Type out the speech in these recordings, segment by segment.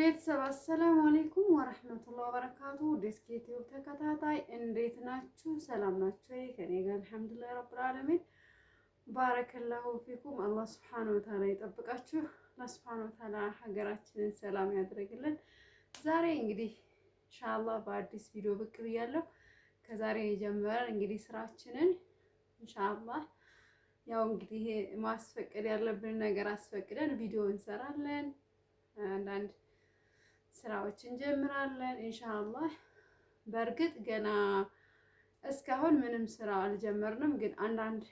ቤተሰብ አሰላሙ አሌይኩም ወረህመቱላ ወበረካቱ። ዲስክ ዩቲዩብ ተከታታይ እንዴት ናችሁ? ሰላም ናችሁ? ከኔ ጋር አልሐምዱሊላህ ረብል ዓለሚን ባረከላሁ ፊኩም። አላህ ስብሐነሁ ወተዓላ ይጠብቃችሁ። አላህ ስብሐነሁ ወተዓላ ሀገራችንን ሰላም ያድርግልን። ዛሬ እንግዲህ ኢንሻአላህ በአዲስ ቪዲዮ ብቅ ብያለሁ። ከዛሬ የጀመረን እንግዲህ ስራችንን ኢንሻአላህ ያው እንግዲህ ማስፈቀድ ያለብን ነገር አስፈቅደን ቪዲዮ እንሰራለን አንዳንድ ስራዎች እንጀምራለን ኢንሻአላህ። በእርግጥ ገና እስካሁን ምንም ስራ አልጀመርንም፣ ግን አንዳንድ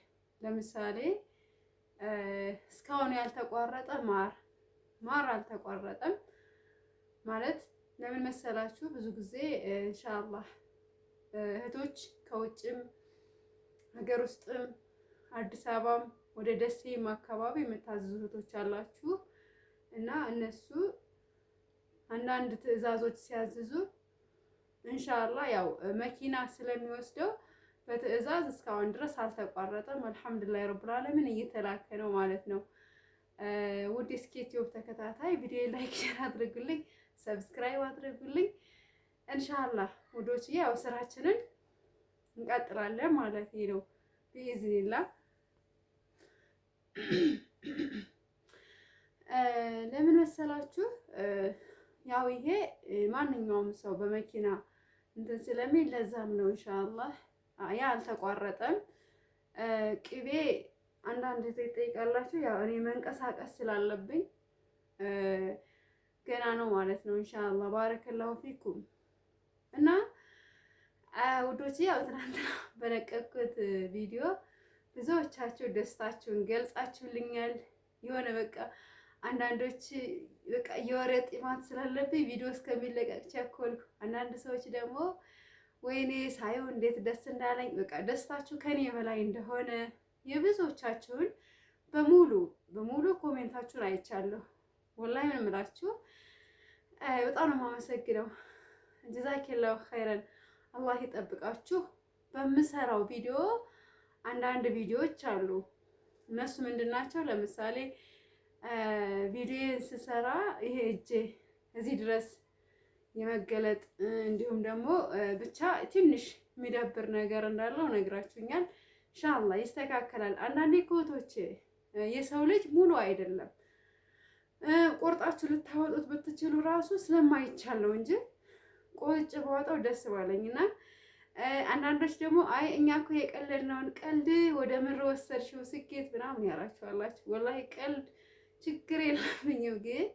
ለምሳሌ እስካሁን ያልተቋረጠ ማር ማር አልተቋረጠም ማለት ለምን መሰላችሁ? ብዙ ጊዜ ኢንሻአላህ እህቶች ከውጭም ሀገር ውስጥም አዲስ አበባም ወደ ደሴም አካባቢ የምታዝዙ እህቶች አላችሁ እና እነሱ አንዳንድ ትዕዛዞች ሲያዝዙ እንሻላ ያው መኪና ስለሚወስደው በትዕዛዝ እስካሁን ድረስ አልተቋረጠም። አልሐምዱሊላህ ረብል ዓለሚን እየተላከ ነው ማለት ነው። ውድ እስኪ ዩቲዩብ ተከታታይ ቪዲዮ ላይክ፣ ሼር አድርጉልኝ፣ ሰብስክራይብ አድርጉልኝ። እንሻላ ውዶች ያው ስራችንን እንቀጥላለን ማለት ነው ቢኢዝኒላ። ለምን መሰላችሁ? ያው ይሄ ማንኛውም ሰው በመኪና እንትን ስለሚል ለዛም ነው ኢንሻአላህ ያ አልተቋረጠም። ቅቤ አንዳንድ ጊዜ ይጠይቃላችሁ። ያው እኔ መንቀሳቀስ ስላለብኝ ገና ነው ማለት ነው ኢንሻአላህ ባረከላሁ ፊኩም እና ውዶች ያው ትናንትና በለቀኩት ቪዲዮ ብዙዎቻችሁ ደስታችሁን ገልጻችሁልኛል። የሆነ በቃ አንዳንዶች በቃ የወሬ ጥማት ስላለብኝ ቪዲዮ እስከሚለቀቅ ቸኮልኩ። አንዳንድ ሰዎች ደግሞ ወይኔ ሳየው እንዴት ደስ እንዳለኝ በቃ ደስታችሁ ከኔ በላይ እንደሆነ የብዙዎቻችሁን በሙሉ በሙሉ ኮሜንታችሁን አይቻለሁ። ወላሂ ምን እምላችሁ በጣም ነው የማመሰግነው። ጀዛኪላሁ ኸይረን አላህ ይጠብቃችሁ። በምሰራው ቪዲዮ አንዳንድ ቪዲዮዎች አሉ። እነሱ ምንድን ናቸው? ለምሳሌ ቪዲዮ ስሰራ ይሄ እጄ እዚህ ድረስ የመገለጥ እንዲሁም ደግሞ ብቻ ትንሽ የሚደብር ነገር እንዳለው ነግራችሁኛል። ሻላ ይስተካከላል። አንዳንዴ ኮቶች የሰው ልጅ ሙሉ አይደለም። ቆርጣችሁ ልታወጡት ብትችሉ ራሱ ስለማይቻል ነው እንጂ ቆጭ በወጣው ደስ ባለኝ እና አንዳንዶች ደግሞ አይ እኛ እኮ የቀለድነውን ቀልድ ወደ ምር ወሰድሽው ስኬት ምናምን ያላችኋላችሁ። ወላሂ ቀልድ ችግር የለብኝም። ግን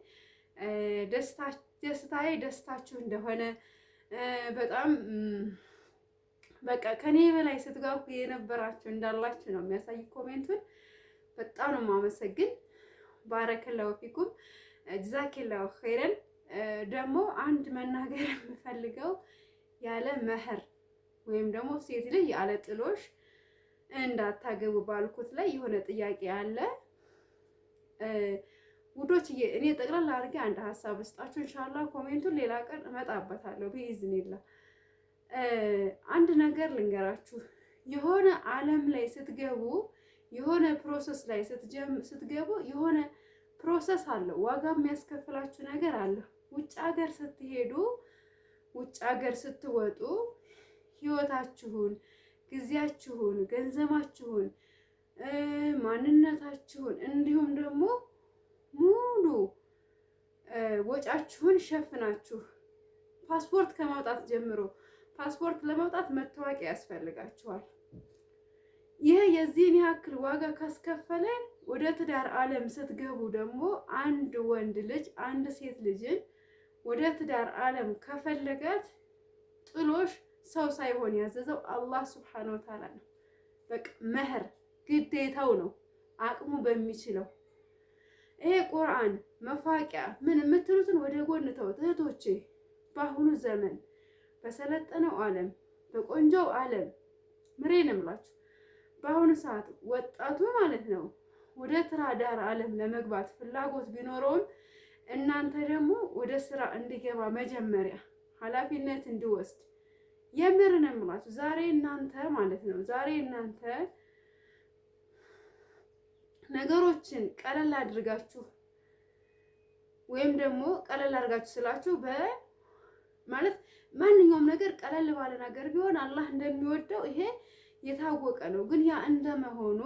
ደስታዬ ደስታችሁ እንደሆነ በጣም በቃ ከኔ በላይ ስትጓጉ የነበራችሁ እንዳላችሁ ነው የሚያሳይ ኮሜንቱን። በጣም ነው የማመሰግን። ባረከላሁ ፊኩም ጅዛኬላሁ ኸይረን። ደግሞ አንድ መናገር የምፈልገው ያለ መህር ወይም ደግሞ ሴት ልጅ ያለ ጥሎሽ እንዳታገቡ ባልኩት ላይ የሆነ ጥያቄ አለ። ውዶች እኔ ጠቅላላ አድርጌ አንድ ሀሳብ እስጣችሁ እንሻላ። ኮሜንቱን ሌላ ቀን እመጣበታለሁ ብኢዝኒላ። አንድ ነገር ልንገራችሁ፣ የሆነ አለም ላይ ስትገቡ፣ የሆነ ፕሮሰስ ላይ ስትገቡ፣ የሆነ ፕሮሰስ አለው፣ ዋጋ የሚያስከፍላችሁ ነገር አለው። ውጭ ሀገር ስትሄዱ፣ ውጭ ሀገር ስትወጡ፣ ህይወታችሁን፣ ጊዜያችሁን፣ ገንዘባችሁን ማንነታችሁን እንዲሁም ደግሞ ሙሉ ወጫችሁን ሸፍናችሁ ፓስፖርት ከማውጣት ጀምሮ ፓስፖርት ለማውጣት መታወቂያ ያስፈልጋችኋል። ይህ የዚህን ያክል ዋጋ ካስከፈለ ወደ ትዳር ዓለም ስትገቡ ደግሞ አንድ ወንድ ልጅ አንድ ሴት ልጅን ወደ ትዳር ዓለም ከፈለጋት ጥሎሽ ሰው ሳይሆን ያዘዘው አላህ ስብሐነ ወተዓላ ነው። በቃ መህር ግዴታው ነው አቅሙ በሚችለው። ይሄ ቁርአን መፋቂያ ምን የምትሉትን ወደ ጎን ተውት እህቶቼ። በአሁኑ ዘመን በሰለጠነው ዓለም በቆንጆው ዓለም ምሬን እምላችሁ በአሁኑ ሰዓት ወጣቱ ማለት ነው ወደ ትራዳር ዓለም ለመግባት ፍላጎት ቢኖረውም እናንተ ደግሞ ወደ ስራ እንዲገባ መጀመሪያ ኃላፊነት እንዲወስድ የምርን እምላችሁ ዛሬ እናንተ ማለት ነው ዛሬ እናንተ ነገሮችን ቀለል አድርጋችሁ ወይም ደግሞ ቀለል አድርጋችሁ ስላችሁ በ ማለት ማንኛውም ነገር ቀለል ባለ ነገር ቢሆን አላህ እንደሚወደው ይሄ የታወቀ ነው። ግን ያ እንደመሆኑ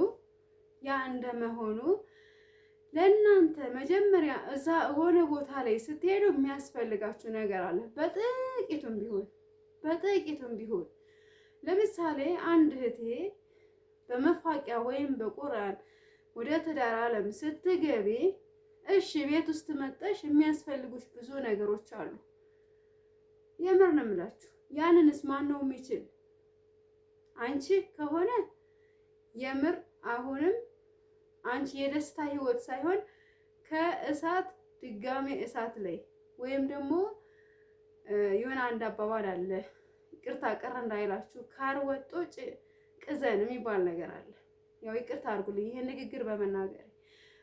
ያ እንደመሆኑ ለእናንተ መጀመሪያ እዛ ሆነ ቦታ ላይ ስትሄዱ የሚያስፈልጋችሁ ነገር አለ። በጥቂቱም ቢሆን በጥቂቱም ቢሆን ለምሳሌ አንድ እህቴ በመፋቂያ ወይም በቁርአን ወደ ትዳር ዓለም ስትገቢ እሺ ቤት ውስጥ መጠሽ የሚያስፈልጉሽ ብዙ ነገሮች አሉ። የምር ነው የምላችሁ። ያንንስ ማን ነው የሚችል? አንቺ ከሆነ የምር አሁንም አንቺ የደስታ ህይወት ሳይሆን ከእሳት ድጋሜ እሳት ላይ ወይም ደግሞ የሆነ አንድ አባባል አለ፣ ይቅርታ ቅር እንዳይላችሁ ካር ወጦ ቅዘን የሚባል ነገር አለ። ያው ይቅርታ አድርጉልኝ ይሄን ንግግር በመናገር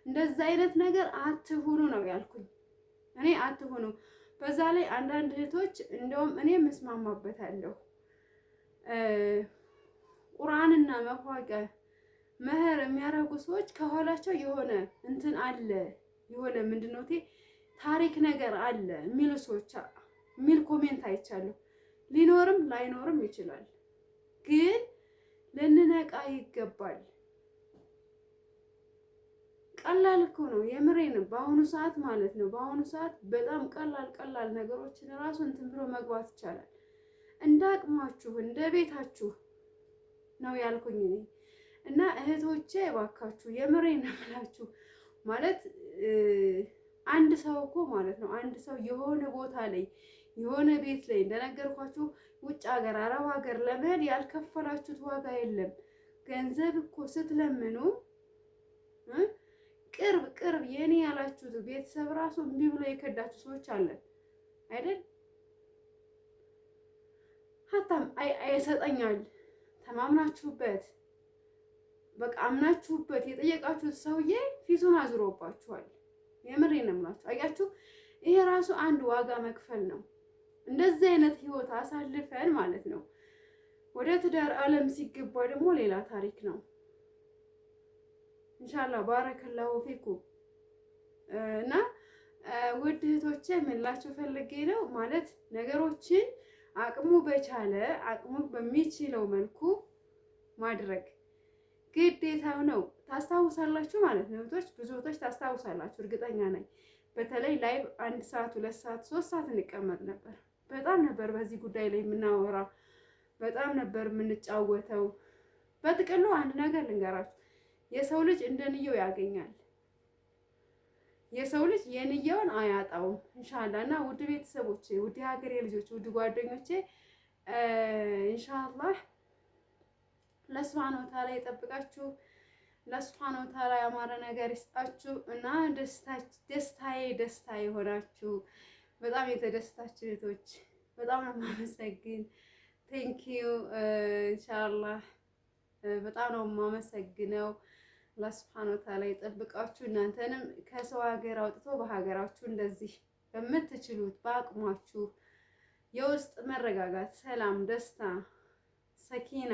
እንደዛ አይነት ነገር አትሁኑ ነው ያልኩኝ። እኔ አትሁኑ። በዛ ላይ አንዳንድ እህቶች እንደውም እኔ ምስማማበታለሁ ቁርአንና መፋቀ መህር የሚያረጉ ሰዎች ከኋላቸው የሆነ እንትን አለ የሆነ ምንድነው ታሪክ ነገር አለ የሚሉ ሰዎች የሚል ኮሜንት አይቻለሁ። ሊኖርም ላይኖርም ይችላል፣ ግን ልንነቃ ይገባል። ቀላል እኮ ነው የምሬን። በአሁኑ ሰዓት ማለት ነው በአሁኑ ሰዓት በጣም ቀላል ቀላል ነገሮችን ራሱ እንትን ብሎ መግባት ይቻላል። እንደ አቅማችሁ እንደ ቤታችሁ ነው ያልኩኝ እኔ እና እህቶቼ እባካችሁ የምሬን ነው ማለት አንድ ሰው እኮ ማለት ነው አንድ ሰው የሆነ ቦታ ላይ የሆነ ቤት ላይ እንደነገርኳችሁ ውጭ ሀገር፣ አረብ ሀገር ለመሄድ ያልከፈላችሁት ዋጋ የለም። ገንዘብ እኮ ስትለምኑ ቅርብ ቅርብ የኔ ያላችሁት ቤተሰብ ራሱ እምቢ ብሎ የከዳችሁ ሰዎች አለ። አይደል? ሀታም አይሰጠኛል ተማምናችሁበት በቃ አምናችሁበት የጠየቃችሁት ሰውዬ ፊቱን አዝሮባችኋል የምሬ ነው የምላችሁ። አያችሁ፣ ይሄ ራሱ አንድ ዋጋ መክፈል ነው። እንደዚህ አይነት ህይወት አሳልፈን ማለት ነው ወደ ትዳር አለም ሲገባ ደግሞ ሌላ ታሪክ ነው። እንሻላ ባረከላሁ ፊኩ እና ውድ እህቶቼ የምላችሁ ፈልጌ ነው ማለት ነገሮችን አቅሙ በቻለ አቅሙ በሚችለው መልኩ ማድረግ ግዴታው ነው። ታስታውሳላችሁ ማለት ነው። እህቶች ብዙ እህቶች ታስታውሳላችሁ፣ እርግጠኛ ነኝ። በተለይ ላይ አንድ ሰዓት ሁለት ሰዓት ሶስት ሰዓት እንቀመጥ ነበር። በጣም ነበር በዚህ ጉዳይ ላይ የምናወራ፣ በጣም ነበር የምንጫወተው። በጥቅሉ አንድ ነገር ልንገራችሁ የሰው ልጅ እንደ ንየው ያገኛል። የሰው ልጅ የንየውን አያጣውም። እንሻላ እና ውድ ቤተሰቦቼ፣ ውድ ሀገሬ ልጆች፣ ውድ ጓደኞቼ እንሻላህ ለሱብሃነ ወተዓላ ይጠብቃችሁ። ለሱብሃነ ወተዓላ ያማረ ነገር ይስጣችሁ እና ደስታዬ ደስታ የሆናችሁ በጣም የተደስታችሁ ቤቶች በጣም ነው የማመሰግን። ቴንኪዩ ኢንሻአላህ በጣም ነው የማመሰግነው። ላስፋኖ ታላ ይጠብቃችሁ። እናንተንም ከሰው ሀገር አውጥቶ በሀገራችሁ እንደዚህ በምትችሉት በአቅሟችሁ የውስጥ መረጋጋት፣ ሰላም፣ ደስታ፣ ሰኪና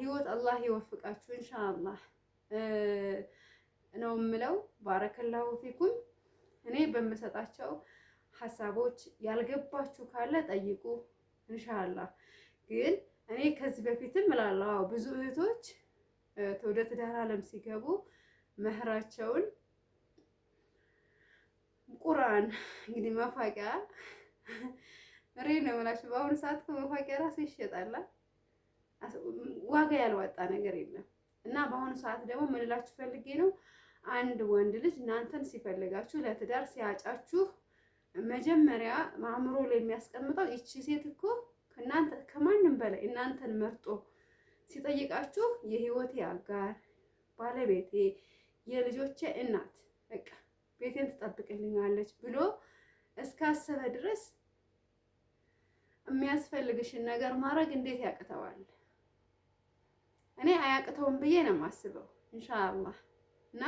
ህይወት አላህ ይወፍቃችሁ። ኢንሻአላህ ነው የምለው። ባረከላሁ ፊኩም። እኔ በምሰጣቸው ሀሳቦች ያልገባችሁ ካለ ጠይቁ። ኢንሻአላህ ግን እኔ ከዚህ በፊትም እላለሁ ብዙ እህቶች ወደ ትዳር ዓለም ሲገቡ መህራቸውን ቁርአን እንግዲህ መፋቂያ ሬ ነው የምላችሁ። በአሁኑ ሰዓት መፋቂያ ራሱ ይሸጣል፣ ዋጋ ያልዋጣ ነገር የለም። እና በአሁኑ ሰዓት ደግሞ ምንላችሁ ፈልጌ ነው አንድ ወንድ ልጅ እናንተን ሲፈልጋችሁ ለትዳር ሲያጫችሁ መጀመሪያ አእምሮ ላይ የሚያስቀምጠው ይቺ ሴት እኮ ከእናንተ ከማንም በላይ እናንተን መርጦ ሲጠይቃችሁ የህይወቴ አጋር፣ ባለቤቴ፣ የልጆቼ እናት በቃ ቤቴን ትጠብቅልኛለች ብሎ እስካሰበ ድረስ የሚያስፈልግሽን ነገር ማድረግ እንዴት ያቅተዋል? እኔ አያቅተውም ብዬ ነው የማስበው። ኢንሻአላህ እና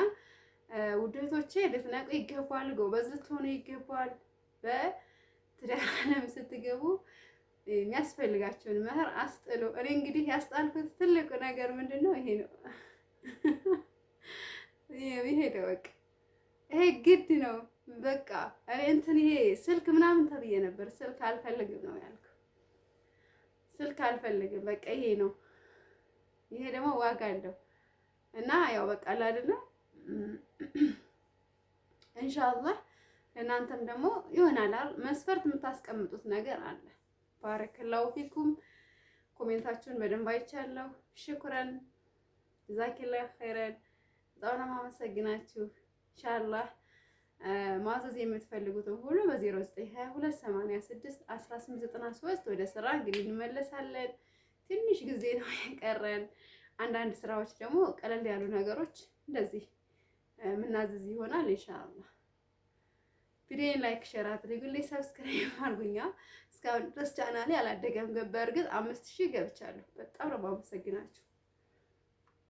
ውደቶቼ ልትነቁ ይገባል። ጎበዝ ልትሆኑ ይገባል። በትዳር ዓለም ስትገቡ የሚያስፈልጋቸውን መህር አስጥሎ እኔ እንግዲህ ያስጣልኩት ትልቁ ነገር ምንድን ነው? ይሄ ነው። ይሄ ደወቅ ይሄ ግድ ነው። በቃ እኔ እንትን ይሄ ስልክ ምናምን ተብዬ ነበር። ስልክ አልፈልግም ነው ያልኩ። ስልክ አልፈልግም በቃ ይሄ ነው። ይሄ ደግሞ ዋጋ አለው እና ያው በቃ አይደለ ኢንሻአላህ እናንተም ደግሞ ይሆናል መስፈርት የምታስቀምጡት ነገር አለ ባረከላሁ ፊኩም። ኮሜንታችሁን በደንብ አይቻለሁ። ሽኩረን ዛኪላ ኸይረን። በጣም ነው የማመሰግናችሁ። ኢንሻአላህ ማዘዝ የምትፈልጉትን ሁሉ በ0922861893 ወደ ስራ እንግዲህ እንመለሳለን። ትንሽ ጊዜ ነው የቀረን። አንዳንድ ስራዎች ደግሞ ቀለል ያሉ ነገሮች እንደዚህ የምናዝዝ ይሆናል ኢንሻአላህ። ቪዲዮን ላይክ፣ ሼር አድርጉልኝ፣ ሰብስክራይብ አድርጉኛ። እስካሁን ድረስ ቻናሌ አላደገም። በእርግጥ አምስት ሺህ ገብቻለሁ። በጣም ነው የማመሰግናችሁ።